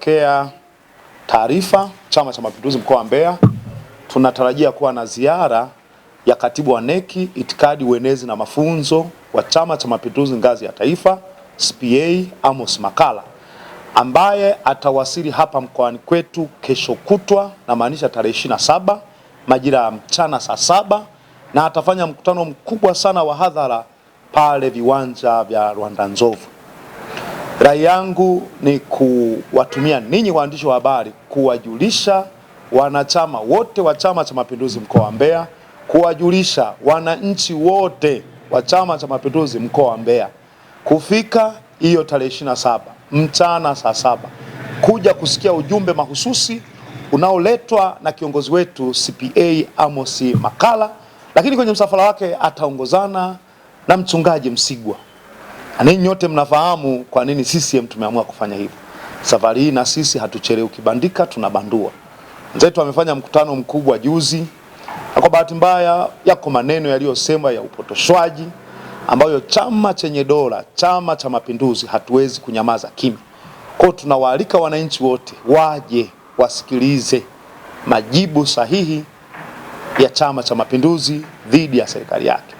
Pokea taarifa Chama cha Mapinduzi mkoa wa Mbeya, tunatarajia kuwa na ziara ya katibu wa neki itikadi, uenezi na mafunzo wa Chama cha Mapinduzi ngazi ya taifa CPA Amos Makalla ambaye atawasili hapa mkoani kwetu kesho kutwa, na maanisha tarehe 27 majira ya mchana saa saba, na atafanya mkutano mkubwa sana wa hadhara pale viwanja vya Rwanda Nzovu. Rai yangu ni kuwatumia ninyi waandishi wa habari kuwajulisha wanachama wote wa Chama cha Mapinduzi mkoa wa Mbeya, kuwajulisha wananchi wote wa Chama cha Mapinduzi mkoa wa Mbeya kufika hiyo tarehe ishirini na saba mchana saa saba kuja kusikia ujumbe mahususi unaoletwa na kiongozi wetu CPA Amos makala lakini kwenye msafara wake ataongozana na mchungaji Msigwa. Na ninyi nyote mnafahamu kwa nini CCM tumeamua kufanya hivyo. Safari hii na sisi hatuchelewi, ukibandika tunabandua. Wenzetu wamefanya mkutano mkubwa juzi, na kwa bahati mbaya yako maneno yaliyosemwa ya upotoshwaji ambayo chama chenye dola, Chama cha Mapinduzi, hatuwezi kunyamaza kimya. Kwa tunawaalika wananchi wote waje wasikilize majibu sahihi ya Chama cha Mapinduzi dhidi ya serikali yake.